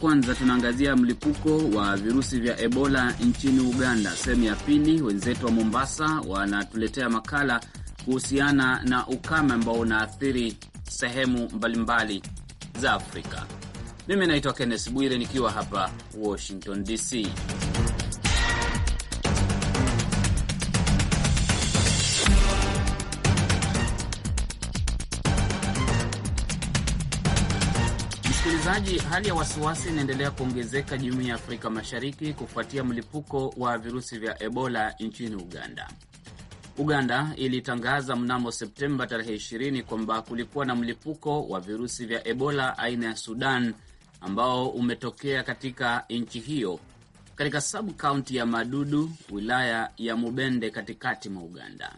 kwanza tunaangazia mlipuko wa virusi vya Ebola nchini Uganda. Sehemu ya pili, wenzetu wa Mombasa wanatuletea makala kuhusiana na ukame ambao unaathiri sehemu mbalimbali za Afrika. Mimi naitwa Kenneth Bwire nikiwa hapa Washington DC. Msikilizaji, hali ya wasiwasi inaendelea kuongezeka jumuiya ya Afrika Mashariki kufuatia mlipuko wa virusi vya Ebola nchini Uganda. Uganda ilitangaza mnamo Septemba tarehe 20 kwamba kulikuwa na mlipuko wa virusi vya Ebola aina ya Sudan ambao umetokea katika nchi hiyo katika sub kaunti ya Madudu, wilaya ya Mubende, katikati mwa Uganda.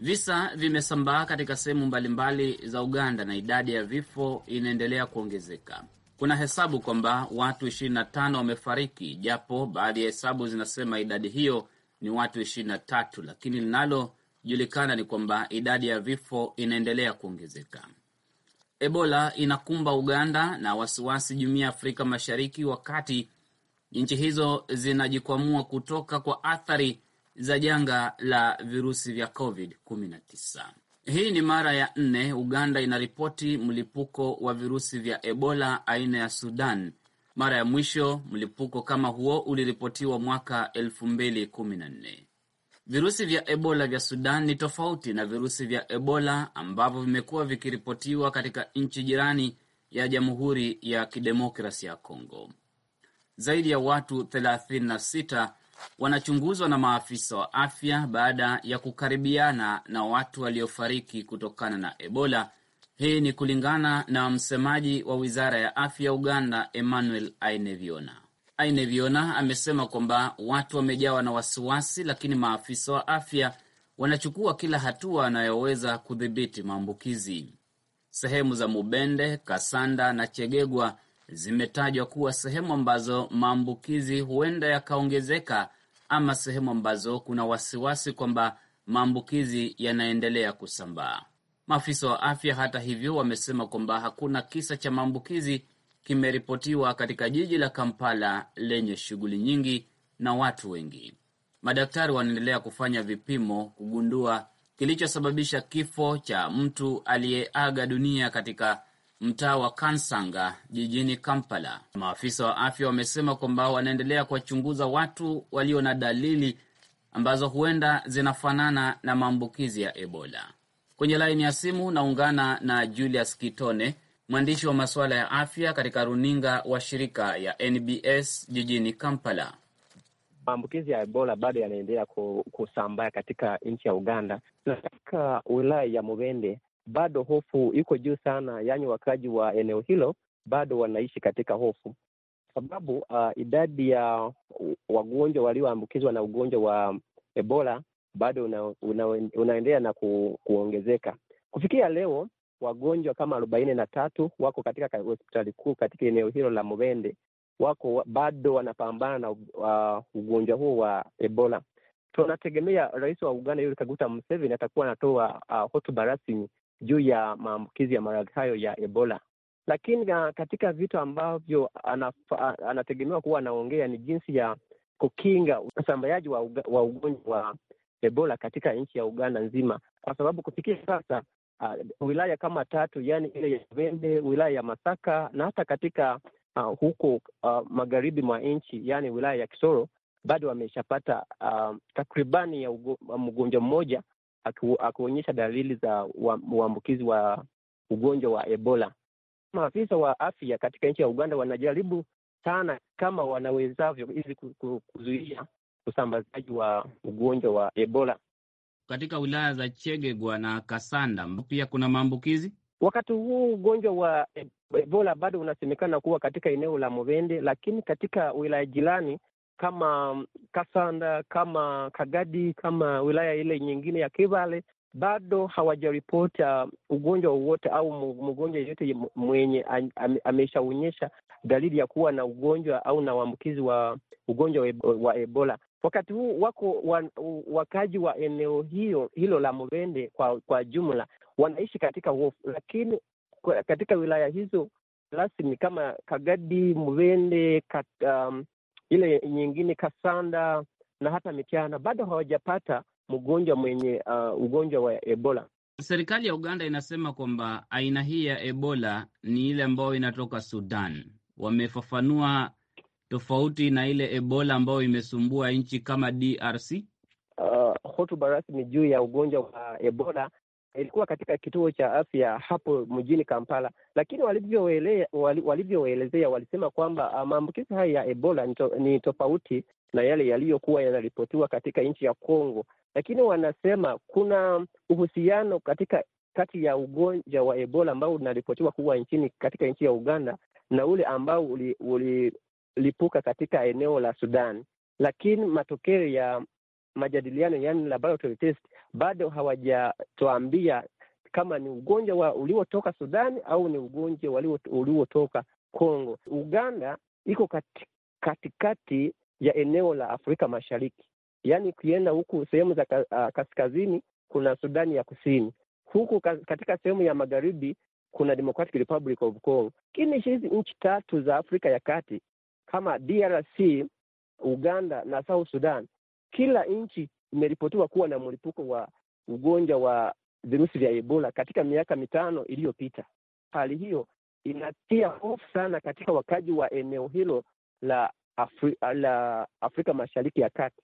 Visa vimesambaa katika sehemu mbalimbali za Uganda na idadi ya vifo inaendelea kuongezeka. Kuna hesabu kwamba watu 25 wamefariki, japo baadhi ya hesabu zinasema idadi hiyo ni watu 23, lakini linalojulikana ni kwamba idadi ya vifo inaendelea kuongezeka. Ebola inakumba Uganda na wasiwasi jumuiya ya Afrika Mashariki, wakati nchi hizo zinajikwamua kutoka kwa athari za janga la virusi vya Covid 19. Hii ni mara ya nne Uganda inaripoti mlipuko wa virusi vya Ebola aina ya Sudan. Mara ya mwisho mlipuko kama huo uliripotiwa mwaka 2014. Virusi vya Ebola vya Sudan ni tofauti na virusi vya Ebola ambavyo vimekuwa vikiripotiwa katika nchi jirani ya Jamhuri ya Kidemokrasia ya Kongo. Zaidi ya watu 36 wanachunguzwa na maafisa wa afya baada ya kukaribiana na watu waliofariki kutokana na Ebola. Hii ni kulingana na msemaji wa wizara ya afya Uganda, Emmanuel Aineviona. Aineviona amesema kwamba watu wamejawa na wasiwasi, lakini maafisa wa afya wanachukua kila hatua wanayoweza kudhibiti maambukizi. Sehemu za Mubende, Kasanda na Chegegwa zimetajwa kuwa sehemu ambazo maambukizi huenda yakaongezeka ama sehemu ambazo kuna wasiwasi kwamba maambukizi yanaendelea kusambaa. Maafisa wa afya, hata hivyo, wamesema kwamba hakuna kisa cha maambukizi kimeripotiwa katika jiji la Kampala lenye shughuli nyingi na watu wengi. Madaktari wanaendelea kufanya vipimo kugundua kilichosababisha kifo cha mtu aliyeaga dunia katika mtaa wa Kansanga jijini Kampala. Maafisa wa afya wamesema kwamba wanaendelea kuwachunguza watu walio na dalili ambazo huenda zinafanana na maambukizi ya Ebola. Kwenye laini ya simu naungana na Julius Kitone, mwandishi wa masuala ya afya katika runinga wa shirika ya NBS jijini Kampala. Maambukizi ya Ebola bado yanaendelea kusambaa katika nchi ya Uganda na katika wilaya ya Mubende bado hofu iko juu sana, yaani wakaji wa eneo hilo bado wanaishi katika hofu sababu uh, idadi ya wagonjwa walioambukizwa na ugonjwa wa Ebola bado una, una, unaendelea na ku, kuongezeka. Kufikia leo wagonjwa kama arobaini na tatu wako katika hospitali kuu katika eneo hilo la Mubende, wako bado wanapambana na uh, ugonjwa huo wa Ebola. Tunategemea rais wa Uganda Yoweri Kaguta Museveni atakuwa anatoa uh, hotuba rasmi juu ya maambukizi ya maradhi hayo ya Ebola. Lakini ah, katika vitu ambavyo ah, anategemewa kuwa anaongea ni jinsi ya kukinga usambayaji wa, wa ugonjwa wa Ebola katika nchi ya Uganda nzima, kwa sababu kufikia sasa uh, wilaya kama tatu, yani ile ya Vende, wilaya ya Masaka na hata katika uh, huko uh, magharibi mwa nchi, yani wilaya ya Kisoro bado wameshapata uh, takribani ya mgonjwa mmoja akionyesha dalili za uambukizi wa ugonjwa wa Ebola. Maafisa wa afya katika nchi ya Uganda wanajaribu sana kama wanawezavyo ili kuzuia usambazaji wa ugonjwa wa Ebola katika wilaya za Chegegwa na Kasanda. Pia kuna maambukizi. Wakati huu ugonjwa wa Ebola bado unasemekana kuwa katika eneo la Mubende, lakini katika wilaya jirani kama Kasanda, kama Kagadi, kama wilaya ile nyingine ya Kivale bado hawajaripota uh, ugonjwa wowote au mgonjwa yeyote mwenye ameshaonyesha dalili ya kuwa na ugonjwa au na uambukizi wa ugonjwa wa Ebola. Wakati huu wako wakaji wa eneo hiyo hilo la Mubende kwa, kwa jumla wanaishi katika hofu, lakini katika wilaya hizo rasmi kama Kagadi, Mubende, kat, um, ile nyingine kasanda na hata michana bado hawajapata mgonjwa mwenye uh, ugonjwa wa Ebola. Serikali ya Uganda inasema kwamba aina hii ya Ebola ni ile ambayo inatoka Sudan. Wamefafanua tofauti na ile Ebola ambayo imesumbua nchi kama DRC. Uh, hotuba rasmi juu ya ugonjwa wa Ebola ilikuwa katika kituo cha afya hapo mjini Kampala, lakini walivyoelezea wali, walisema kwamba ah, maambukizi haya ya Ebola ni, to, ni tofauti na yale yaliyokuwa yanaripotiwa katika nchi ya Kongo, lakini wanasema kuna uhusiano katika kati ya ugonjwa wa Ebola ambao unaripotiwa kuwa nchini katika nchi ya Uganda na ule ambao ulilipuka uli katika eneo la Sudan, lakini matokeo ya majadiliano yani laboratory test bado hawajatuambia kama ni ugonjwa wa uliotoka Sudani au ni ugonjwa uliotoka Kongo. Uganda iko katikati ya eneo la Afrika Mashariki, yaani ukienda huku sehemu za ah, kaskazini kuna Sudani ya Kusini, huku katika sehemu ya magharibi kuna Democratic Republic of Congo. Lakini hizi nchi tatu za Afrika ya kati kama DRC, Uganda na South Sudan, kila nchi imeripotiwa kuwa na mlipuko wa ugonjwa wa virusi vya Ebola katika miaka mitano iliyopita. Hali hiyo inatia hofu sana katika wakaji wa eneo hilo la, Afri la Afrika Mashariki ya Kati,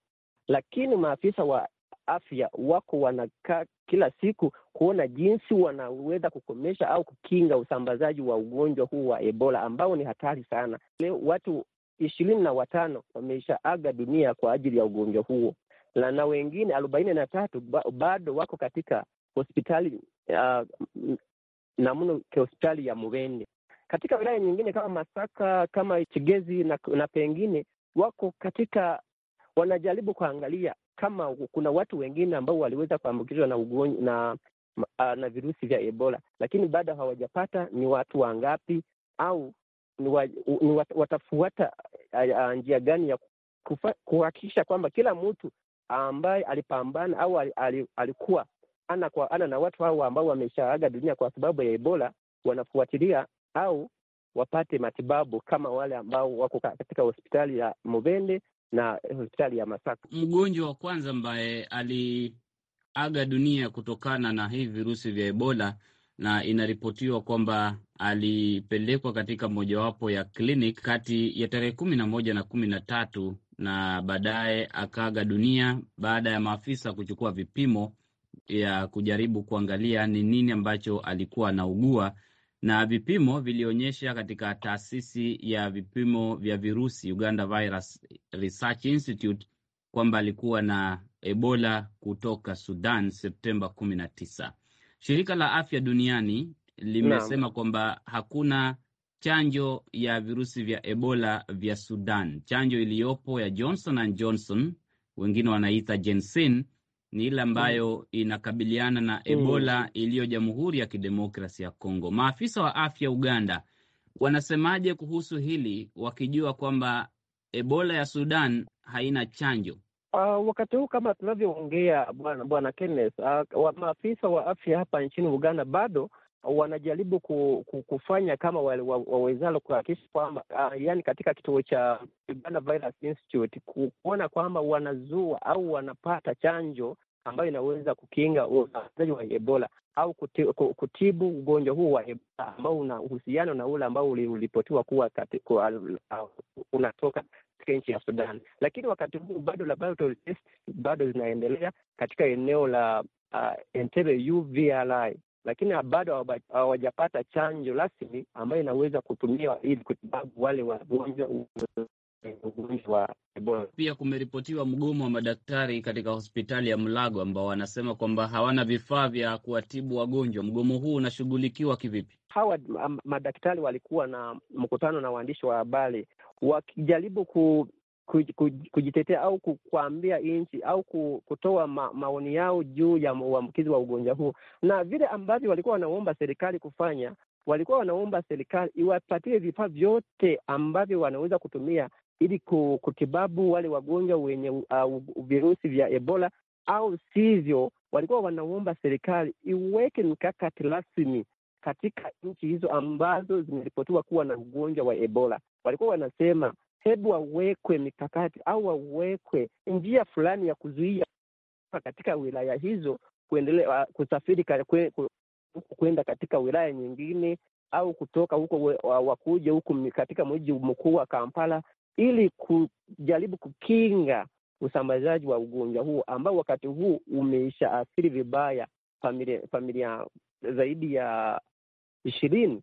lakini maafisa wa afya wako wanakaa kila siku kuona jinsi wanaweza kukomesha au kukinga usambazaji wa ugonjwa huu wa Ebola ambao ni hatari sana. Leo watu ishirini na watano wameisha aga dunia kwa ajili ya ugonjwa huo na wengine arobaini na tatu ba, bado wako katika hospitali uh, na mno hospitali ya Mubende. Katika wilaya nyingine kama Masaka, kama Chigezi na, na pengine wako katika wanajaribu kuangalia kama kuna watu wengine ambao waliweza kuambukizwa na ugonjwa na, na virusi vya Ebola, lakini bado hawajapata ni watu wangapi au ni wa, ni wat, watafuata njia gani ya kuhakikisha kwamba kila mtu ambaye alipambana au alikuwa ana kwa ana na watu hao ambao wameshaaga dunia kwa sababu ya Ebola, wanafuatilia au wapate matibabu kama wale ambao wako katika hospitali ya Mubende na hospitali ya Masaka. Mgonjwa wa kwanza ambaye aliaga dunia kutokana na hivi virusi vya Ebola na inaripotiwa kwamba alipelekwa katika mojawapo ya clinic kati ya tarehe kumi na moja na kumi na tatu na baadaye akaaga dunia baada ya maafisa kuchukua vipimo ya kujaribu kuangalia ni nini ambacho alikuwa anaugua, na vipimo vilionyesha katika taasisi ya vipimo vya virusi Uganda Virus Research Institute kwamba alikuwa na Ebola kutoka Sudan Septemba 19. Shirika la Afya Duniani limesema kwamba hakuna chanjo ya virusi vya Ebola vya Sudan. Chanjo iliyopo ya Johnson and Johnson, wengine wanaita jensen ni ile ambayo inakabiliana na mm. Ebola iliyo Jamhuri ya Kidemokrasi ya Kongo. Maafisa wa afya Uganda wanasemaje kuhusu hili, wakijua kwamba Ebola ya Sudan haina chanjo? Uh, wakati huu kama tunavyoongea, bwana bwana Kenneth, uh, maafisa wa afya hapa nchini Uganda bado wanajaribu kufanya kama wawezalo kuhakikisha kwamba uh, yani katika kituo cha Uganda Virus Institute kuona kwamba wanazua au wanapata chanjo ambayo inaweza kukinga uaaji wa Ebola au kutibu ugonjwa huu wa Ebola ambao una uhusiano na ule ambao ulipotiwa kuwa unatoka katika nchi ya Sudan. Lakini wakati huu bado laboratory bado zinaendelea katika eneo la uh, Entebbe UVRI lakini bado hawajapata chanjo rasmi ambayo inaweza kutumia ili kutibabu wale wagonjwa ugonjwa wa pia kumeripotiwa mgomo wa madaktari katika hospitali ya Mlago ambao wanasema kwamba hawana vifaa vya kuwatibu wagonjwa. Mgomo huu unashughulikiwa kivipi? Hawa madaktari walikuwa na mkutano na waandishi wa habari wakijaribu ku, kujitetea au kuambia nchi au kutoa ma, maoni yao juu ya uambukizi wa ugonjwa huo, na vile ambavyo walikuwa wanaomba serikali kufanya, walikuwa wanaomba serikali iwapatie vifaa vyote ambavyo wanaweza kutumia ili kutibabu wale wagonjwa wenye uh, virusi vya Ebola, au sivyo, walikuwa wanaomba serikali iweke mkakati rasmi katika nchi hizo ambazo zimeripotiwa kuwa na ugonjwa wa Ebola. Walikuwa wanasema hebu wawekwe mikakati au wawekwe njia fulani ya kuzuia katika wilaya hizo kuendelea uh, kusafiri kwenda katika wilaya nyingine au kutoka huko wakuje huku katika mji mkuu wa Kampala ili kujaribu kukinga usambazaji wa ugonjwa huo ambao wakati huu umeisha athiri vibaya familia, familia zaidi ya ishirini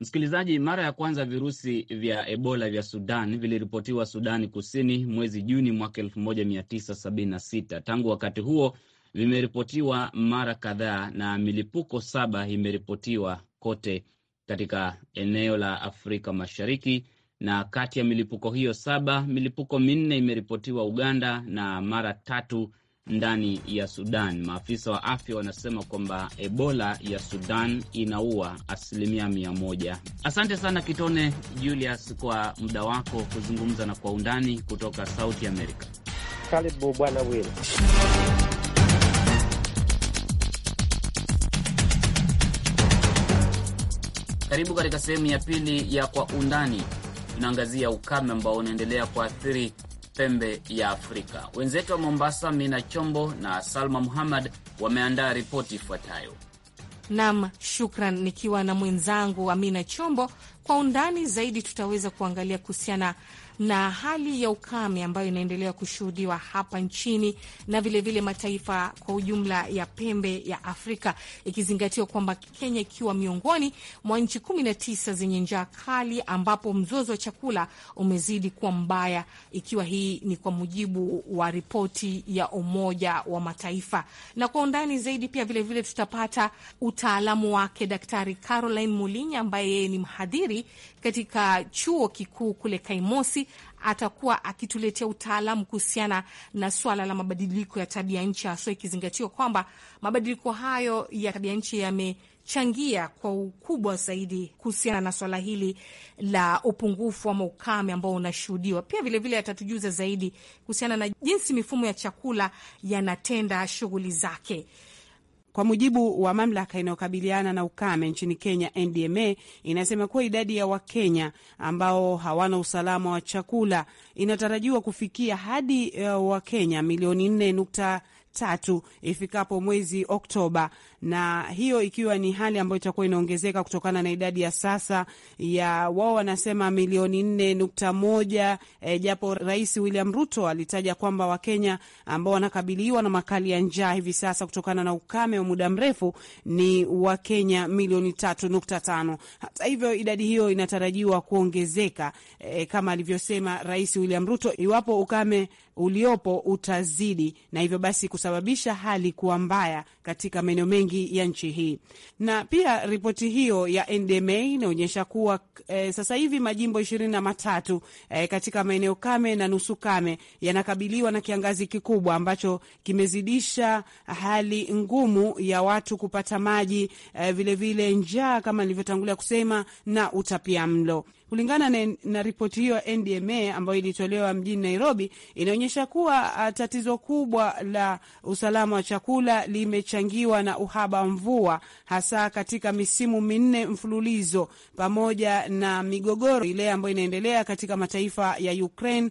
Msikilizaji, mara ya kwanza virusi vya Ebola vya Sudan viliripotiwa Sudani Kusini mwezi Juni mwaka 1976. Tangu wakati huo vimeripotiwa mara kadhaa na milipuko saba imeripotiwa kote katika eneo la Afrika Mashariki, na kati ya milipuko hiyo saba, milipuko minne imeripotiwa Uganda na mara tatu ndani ya Sudan. Maafisa wa afya wanasema kwamba Ebola ya Sudan inaua asilimia mia moja. Asante sana Kitone Julius kwa muda wako kuzungumza na Kwa Undani kutoka Sauti Amerika. Karibu Bwana Wil. Karibu katika sehemu ya pili ya Kwa Undani. Tunaangazia ukame ambao unaendelea kuathiri pembe ya Afrika. Wenzetu wa Mombasa, Mina Chombo na Salma Muhammad wameandaa ripoti ifuatayo. Nam, shukran. Nikiwa na mwenzangu Amina Chombo, kwa undani zaidi tutaweza kuangalia kuhusiana na hali ya ukame ambayo inaendelea kushuhudiwa hapa nchini na vilevile vile mataifa kwa ujumla ya pembe ya Afrika, ikizingatiwa kwamba Kenya ikiwa miongoni mwa nchi kumi na tisa zenye njaa kali ambapo mzozo wa chakula umezidi kuwa mbaya, ikiwa hii ni kwa mujibu wa ripoti ya Umoja wa Mataifa. Na kwa undani zaidi pia vilevile vile tutapata utaalamu wake Daktari Caroline Mulinya ambaye yeye ni mhadhiri katika chuo kikuu kule Kaimosi atakuwa akituletea utaalamu kuhusiana na swala la mabadiliko ya tabia nchi, haswa ikizingatiwa kwamba mabadiliko hayo ya tabia nchi yamechangia kwa ukubwa zaidi kuhusiana na swala hili la upungufu ama ukame ambao unashuhudiwa. Pia vilevile atatujuza zaidi kuhusiana na jinsi mifumo ya chakula yanatenda shughuli zake. Kwa mujibu wa mamlaka inayokabiliana na ukame nchini Kenya, NDMA inasema kuwa idadi ya Wakenya ambao hawana usalama wa chakula inatarajiwa kufikia hadi uh, Wakenya milioni nne nukta tatu ifikapo mwezi Oktoba, na hiyo ikiwa ni hali ambayo itakuwa inaongezeka kutokana na idadi ya sasa ya wao wanasema milioni nne nukta moja e, japo Rais William Ruto alitaja kwamba Wakenya ambao wanakabiliwa na makali ya njaa hivi sasa kutokana na ukame wa muda mrefu ni Wakenya milioni tatu nukta tano. Hata hivyo idadi hiyo inatarajiwa kuongezeka e, kama alivyosema Rais William Ruto iwapo ukame uliopo utazidi na hivyo basi kusababisha hali kuwa mbaya katika maeneo mengi mengi ya nchi hii. Na pia ripoti hiyo ya NDMA inaonyesha kuwa e, sasa hivi majimbo ishirini na matatu e, katika maeneo kame na nusu kame yanakabiliwa na kiangazi kikubwa ambacho kimezidisha hali ngumu ya watu kupata maji, vilevile eh, e, vile njaa kama nilivyotangulia kusema na utapia mlo. Kulingana na, na ripoti hiyo ya NDMA ambayo ilitolewa mjini Nairobi, inaonyesha kuwa ah, tatizo kubwa la usalama wa chakula limechangiwa na uhaba wa mvua, hasa katika misimu minne mfululizo, pamoja na migogoro ile ambayo inaendelea katika mataifa ya Ukraine,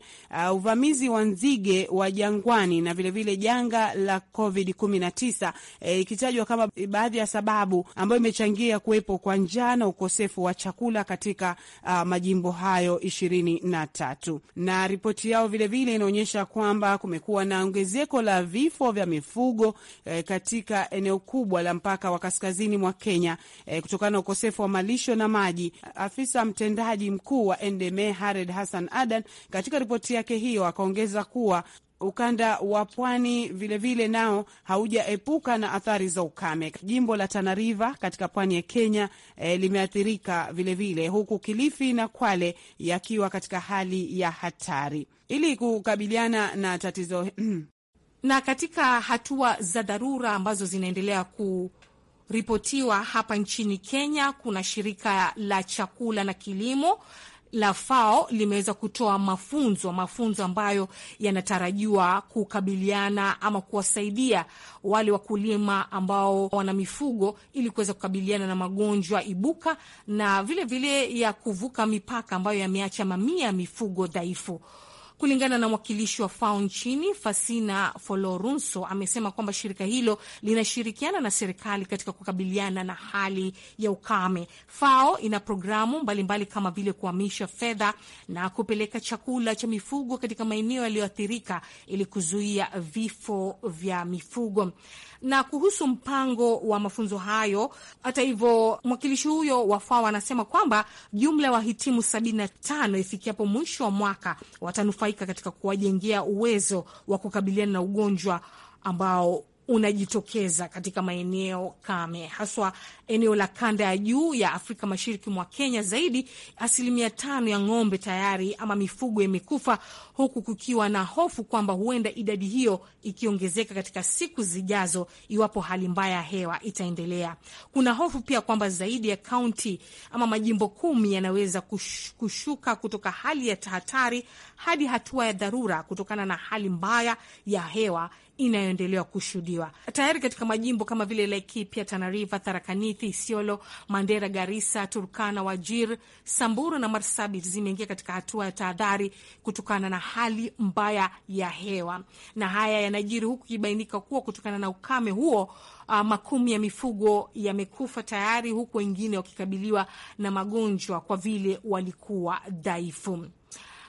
uh, uvamizi wa nzige wa jangwani na vilevile vile janga la COVID 19 eh, ikitajwa e, kama baadhi ya sababu ambayo imechangia kuwepo kwa njaa na ukosefu wa chakula katika uh, majimbo hayo ishirini na tatu. Na ripoti yao vilevile inaonyesha kwamba kumekuwa na ongezeko la vifo vya mifugo eh, katika eneo kubwa la mpaka wa kaskazini mwa Kenya eh, kutokana na ukosefu wa malisho na maji. Afisa mtendaji mkuu wa ndme Hared Hassan Adan katika ripoti yake hiyo akaongeza kuwa ukanda wa pwani vilevile nao haujaepuka na athari za ukame. Jimbo la Tana River katika pwani ya Kenya eh, limeathirika vilevile, huku Kilifi na Kwale yakiwa katika hali ya hatari ili kukabiliana na tatizo na katika hatua za dharura ambazo zinaendelea kuripotiwa hapa nchini Kenya, kuna shirika la chakula na kilimo la FAO limeweza kutoa mafunzo mafunzo ambayo yanatarajiwa kukabiliana ama kuwasaidia wale wakulima ambao wana mifugo ili kuweza kukabiliana na magonjwa ibuka na vilevile vile ya kuvuka mipaka ambayo yameacha mamia ya mifugo dhaifu. Kulingana na mwakilishi wa FAO nchini Fasina Folorunso, amesema kwamba shirika hilo linashirikiana na serikali katika kukabiliana na hali ya ukame. FAO ina programu mbalimbali mbali kama vile kuhamisha fedha na kupeleka chakula cha mifugo katika maeneo yaliyoathirika ili kuzuia vifo vya mifugo. Na kuhusu mpango wa mafunzo hayo, hata hivyo, mwakilishi huyo wa FAO anasema kwamba jumla ya wahitimu 75 ifikiapo mwisho wa mwaka watanufaika kunufaika katika kuwajengea uwezo wa kukabiliana na ugonjwa ambao unajitokeza katika maeneo kame, haswa eneo la kanda ya juu ya Afrika Mashariki mwa Kenya. Zaidi asilimia tano ya ng'ombe tayari ama mifugo imekufa, huku kukiwa na hofu kwamba huenda idadi hiyo ikiongezeka katika siku zijazo iwapo hali mbaya ya hewa itaendelea. Kuna hofu pia kwamba zaidi ya kaunti ama majimbo kumi yanaweza kushuka kutoka hali ya tahatari hadi hatua ya dharura kutokana na hali mbaya ya hewa inayoendelea kushuhudiwa tayari katika majimbo kama vile Laikipia, Tana River, Tharakanithi, Isiolo, Mandera, garisa Turkana, Wajir, Samburu na Marsabit zimeingia katika hatua ya tahadhari kutokana na hali mbaya ya hewa, na haya yanajiri huku ikibainika kuwa kutokana na ukame huo Uh, makumi ya mifugo yamekufa tayari huku wengine wakikabiliwa na magonjwa kwa vile walikuwa dhaifu.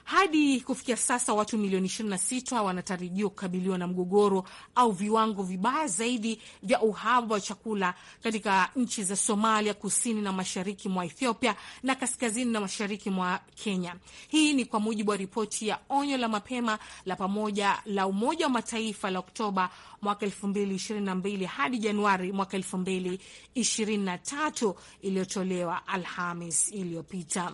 Hadi kufikia sasa watu milioni 26 wanatarajiwa kukabiliwa na mgogoro au viwango vibaya zaidi vya uhaba wa chakula katika nchi za Somalia, kusini na mashariki mwa Ethiopia na kaskazini na mashariki mwa Kenya. Hii ni kwa mujibu wa ripoti ya onyo la mapema la pamoja la Umoja wa Mataifa la Oktoba mwaka 2022 hadi Januari mwaka 2023 iliyotolewa Alhamis iliyopita.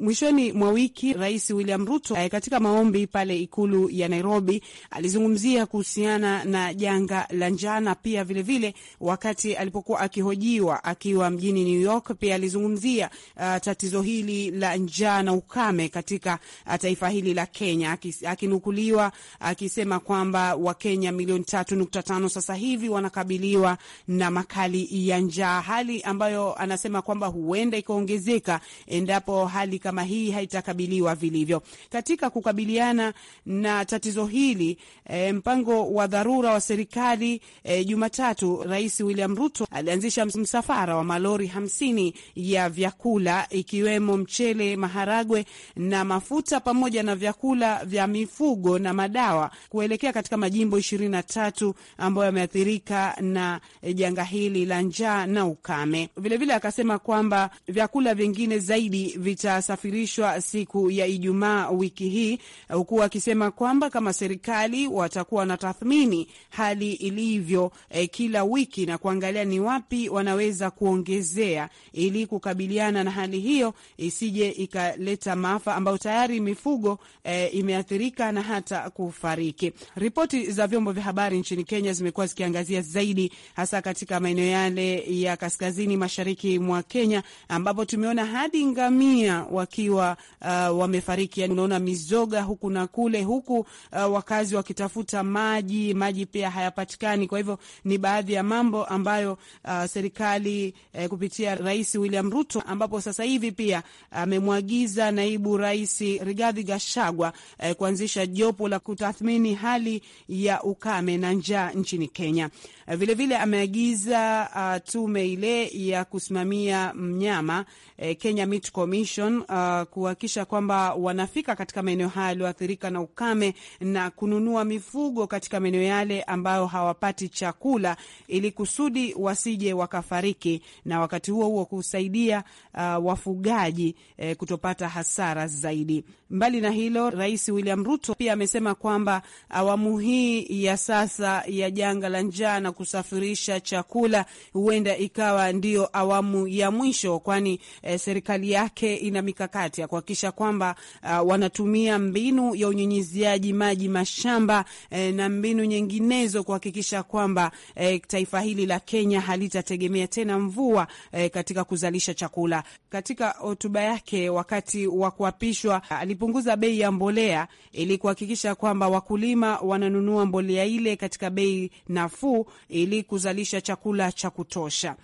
Mwishoni mwa wiki Rais William Ruto eh, katika maombi pale ikulu ya Nairobi alizungumzia kuhusiana na janga la njaa na pia vilevile vile, wakati alipokuwa akihojiwa akiwa mjini New York pia alizungumzia uh, tatizo hili la njaa na ukame katika eh, taifa hili la Kenya, akinukuliwa akisema kwamba Wakenya milioni tatu nukta tano sasa hivi wanakabiliwa na makali ya njaa, hali ambayo anasema kwamba huenda ikaongezeka endapo hali kama hii haitakabiliwa vilivyo. Katika kukabiliana na tatizo hili e, mpango wa dharura wa serikali e, Jumatatu Rais William Ruto alianzisha msafara wa malori hamsini ya vyakula ikiwemo mchele, maharagwe na mafuta pamoja na vyakula vya mifugo na madawa kuelekea katika majimbo ishirini na tatu ambayo yameathirika na eh, janga hili la njaa na ukame. Vilevile akasema kwamba vyakula vingine zaidi vita kusafirishwa siku ya Ijumaa wiki hii, huku akisema kwamba kama serikali watakuwa na tathmini hali ilivyo eh, kila wiki na kuangalia ni wapi wanaweza kuongezea ili kukabiliana na hali hiyo isije ikaleta maafa ambayo tayari mifugo eh, imeathirika na hata kufariki. Ripoti za vyombo vya habari nchini Kenya zimekuwa zikiangazia zaidi hasa katika maeneo yale ya kaskazini mashariki mwa Kenya ambapo tumeona hadi ngamia wa wakiwa uh, wamefariki. Yani unaona mizoga huku na kule, huku uh, wakazi wakitafuta maji, maji pia hayapatikani. Kwa hivyo ni baadhi ya mambo ambayo uh, serikali uh, kupitia Rais William Ruto, ambapo sasa hivi pia amemwagiza uh, naibu rais Rigathi Gachagua uh, kuanzisha jopo la kutathmini hali ya ukame na njaa nchini Kenya. Vilevile uh, vile ameagiza uh, tume ile ya kusimamia mnyama uh, Kenya Meat Commission uh, Uh, kuhakikisha kwamba wanafika katika maeneo haya yaliyoathirika na ukame na kununua mifugo katika maeneo yale ambayo hawapati chakula ili kusudi wasije wakafariki, na wakati huo huo kusaidia uh, wafugaji eh, kutopata hasara zaidi. Mbali na hilo, Rais William Ruto pia amesema kwamba awamu hii ya sasa ya janga la njaa na kusafirisha chakula huenda ikawa ndiyo awamu ya mwisho, kwani eh, serikali yake ina mikakati mikakati ya kuhakikisha kwamba uh, wanatumia mbinu ya unyunyiziaji maji mashamba eh, na mbinu nyinginezo kuhakikisha kwamba eh, taifa hili la Kenya halitategemea tena mvua eh, katika kuzalisha chakula. Katika hotuba yake wakati wa kuapishwa, alipunguza bei ya mbolea ili kuhakikisha kwamba wakulima wananunua mbolea ile katika bei nafuu ili kuzalisha chakula cha kutosha.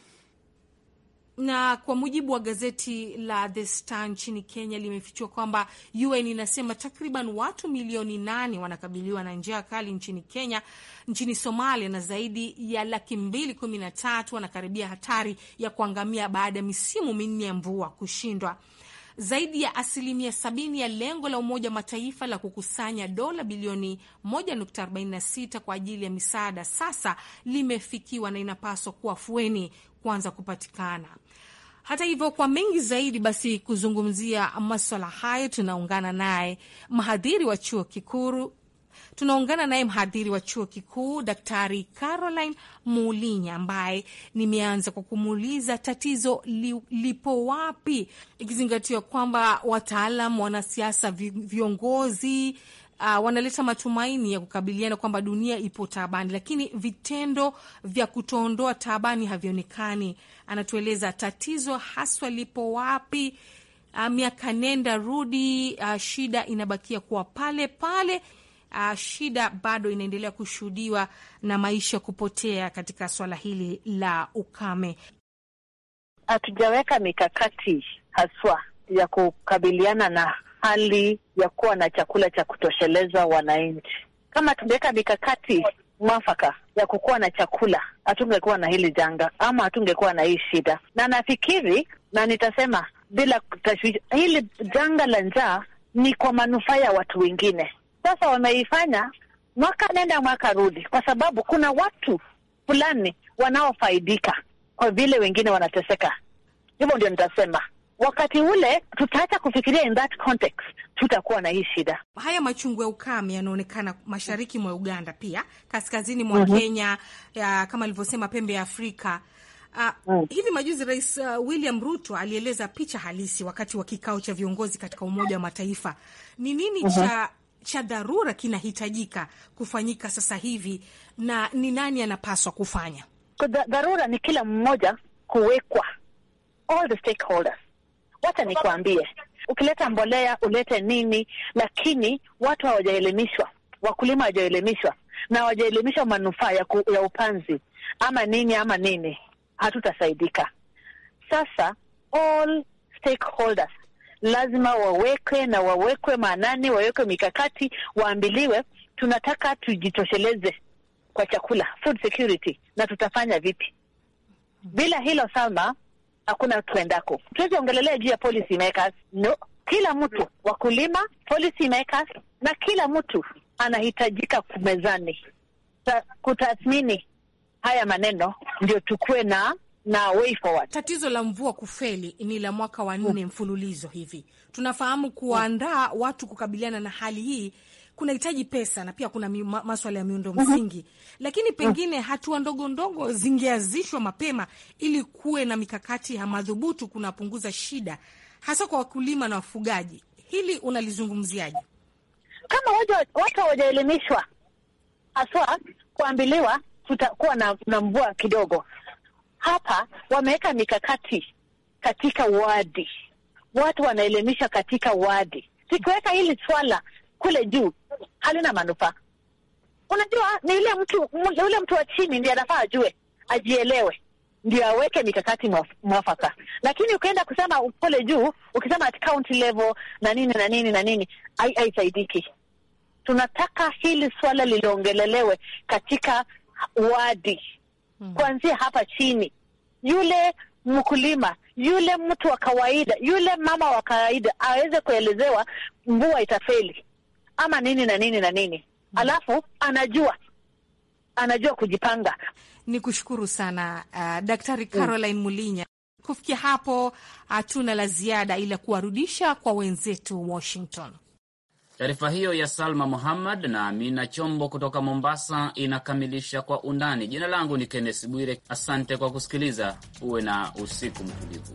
Na kwa mujibu wa gazeti la The Star nchini Kenya, limefichua kwamba UN inasema takriban watu milioni nane wanakabiliwa na njaa kali nchini Kenya, nchini Somalia, na zaidi ya laki mbili kumi na tatu wanakaribia hatari ya kuangamia baada ya misimu minne ya mvua kushindwa. Zaidi ya asilimia sabini ya lengo la Umoja wa Mataifa la kukusanya dola bilioni 1.46 kwa ajili ya misaada sasa limefikiwa na inapaswa kuwa fueni kuanza kupatikana. Hata hivyo, kwa mengi zaidi basi kuzungumzia maswala hayo, tunaungana naye mhadhiri wa chuo kikuu tunaungana naye mhadhiri wa chuo kikuu Daktari Caroline Muulinya, ambaye nimeanza kwa kumuuliza tatizo li, lipo wapi, ikizingatiwa kwamba wataalam, wanasiasa, viongozi uh, wanaleta matumaini ya kukabiliana kwamba dunia ipo taabani, lakini vitendo vya kutoondoa taabani havionekani. Anatueleza tatizo haswa lipo wapi. Uh, miaka nenda rudi, uh, shida inabakia kuwa pale pale. Uh, shida bado inaendelea kushuhudiwa na maisha kupotea katika swala hili la ukame. Hatujaweka mikakati haswa ya kukabiliana na hali ya kuwa na chakula cha kutosheleza wananchi. Kama tungeweka mikakati mwafaka ya kukuwa na chakula, hatungekuwa na hili janga ama hatungekuwa na hii shida, na nafikiri na nitasema bila tashwishi, hili janga la njaa ni kwa manufaa ya watu wengine. Sasa wameifanya mwaka nenda mwaka rudi, kwa sababu kuna watu fulani wanaofaidika kwa vile wengine wanateseka. Hivyo ndio nitasema wakati ule tutaacha kufikiria in that context, tutakuwa na hii shida. Haya machungu ya ukame yanaonekana mashariki mwa Uganda, pia kaskazini mwa mm -hmm. Kenya ya, kama alivyosema pembe ya Afrika. Uh, mm. Hivi majuzi Rais uh, William Ruto alieleza picha halisi wakati wa kikao cha viongozi katika Umoja wa Mataifa. Ni nini mm -hmm. cha cha dharura kinahitajika kufanyika sasa hivi na ni nani anapaswa kufanya? Dharura ni kila mmoja kuwekwa, all the stakeholders wacha nikuambie, ukileta mbolea ulete nini, lakini watu hawajaelimishwa, wakulima hawajaelimishwa na hawajaelimishwa manufaa ya, ya upanzi ama nini ama nini, hatutasaidika. Sasa all stakeholders lazima wawekwe na wawekwe maanani, wawekwe mikakati, waambiliwe tunataka tujitosheleze kwa chakula, food security, na tutafanya vipi bila hilo? Salma, hakuna tuendako. Tuwezi ongelelea juu ya policy makers. No, kila mtu, wakulima, policy makers, na kila mtu anahitajika kumezani kutathmini haya maneno, ndio tukuwe na na way forward. Tatizo la mvua kufeli ni la mwaka wa nne mm. mfululizo hivi. Tunafahamu mm. kuwaandaa watu kukabiliana na hali hii kunahitaji pesa na pia kuna maswala ya miundo mhm. msingi, lakini mhm. pengine hatua ndogo ndogo zingeanzishwa mapema ili kuwe na mikakati ya madhubutu kunapunguza shida hasa kwa wakulima na wafugaji. Hili unalizungumziaje? Kama watu hawajaelimishwa haswa kuambiliwa tutakuwa na, na mvua kidogo hapa, wameweka mikakati katika wadi, watu wanaelimisha katika wadi. Sikuweka hili swala kule juu halina manufaa. Unajua, ni ile mtu yule mtu wa chini ndiye anafaa ajue, ajielewe, ndio aweke mikakati mwafaka. Lakini ukienda kusema kule juu, ukisema at county level na nini na nini na nini, haisaidiki. Tunataka hili swala liliongelelewe katika wadi, hmm. kuanzia hapa chini, yule mkulima yule mtu wa kawaida, yule mama wa kawaida aweze kuelezewa mvua itafeli ama nini na nini na nini, mm. alafu anajua anajua kujipanga. Ni kushukuru sana uh, Daktari mm. Caroline mm. Mulinya. Kufikia hapo hatuna uh, la ziada ila kuwarudisha kwa wenzetu Washington. Taarifa hiyo ya Salma Muhammad na Amina Chombo kutoka Mombasa inakamilisha Kwa Undani. Jina langu ni Kennes Bwire, asante kwa kusikiliza. Uwe na usiku mtulivu.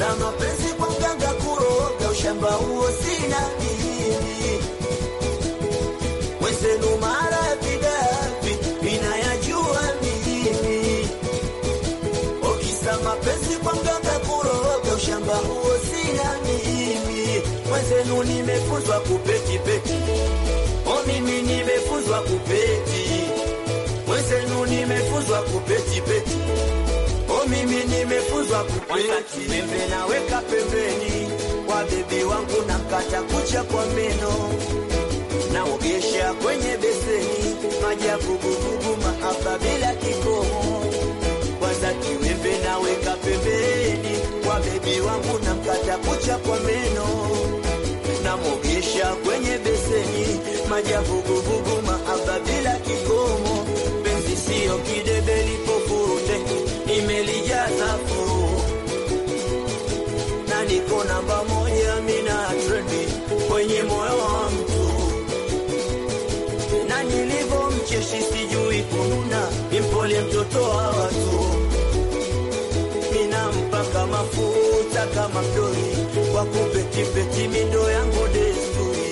za mapenzi kwa mganga kuroga, ushamba huo sina dini wesenu maradhi dafi mimi okisa mapenzi kwa mganga kuroga, ushamba huo sina mimi wesenu nimefuzwa kupetipeti, o mimi nimefuzwa kupeti wesenu nimefuzwa kupeti mimi nimefunzwa kupenda kilembe, naweka pembeni kwa bibi wangu, na mkata kucha kwa meno, naogesha kwenye beseni, maji ya vuguvugu, mahaba bila kikomo. Kwanza kilembe naweka pembeni kwa bebi wangu, na mkata kucha kwa meno, namogesha kwenye beseni, maji ya vuguvugu, mahaba bila kikomo, penzi siyo kide kama mdoli wakubetibeti, mindo yangu desturi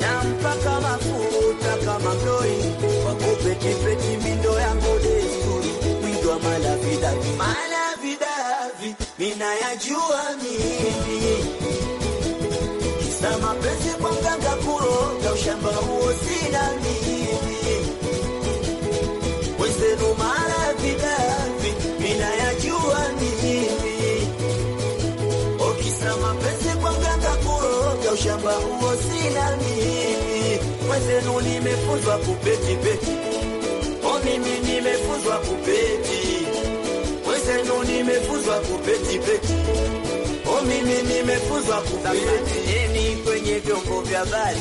na mpaka mafuta kama mdoli wakubetibeti, mindo yangu desturi, mwindo wa malavidavi, malavidavi minayajua mimi, kisa mapenzi kwa mganga kuroga, ushamba huo sina mimi wezenu malavidavi ushamba huo sina mimi, wenzenu nimefunzwa kupeti peti, o mimi nimefunzwa kupeti, wenzenu nimefunzwa kupeti peti, o mimi nimefunzwa kupeti. Eni Kwenye vyombo vya habari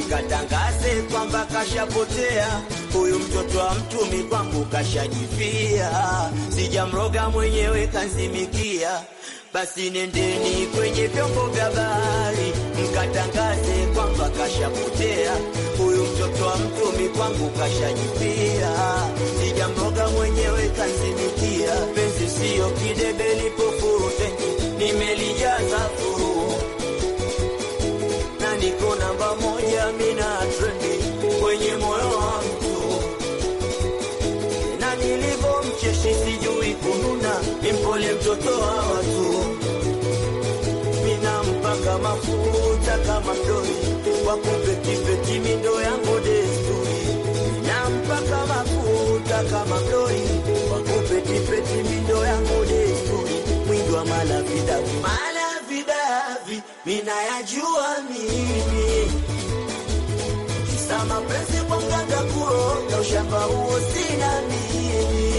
mkatangaze kwamba kashapotea huyu mtoto wa mtumi, kwangu kashajifia, sijamroga mwenyewe kanzimikia basi nendeni kwenye vyombo vya habari mkatangaze kwamba kashapotea huyu mtoto wa mtumi, kwangu kashajipia, sijamboga mwenyewe kansimikia, penzi siyo kidebe lipofurute nimelijaza kuvuta kama doi, wakupe mindo yangu desturi, na mpaka wakuvuta kama doi, wakupe kipeti mindo yangu desturi, mwindo wa malavidavi, malavidavi minayajua mimi, kisa mapenzi kwa mganga kuroga, ushamba huo sina mimi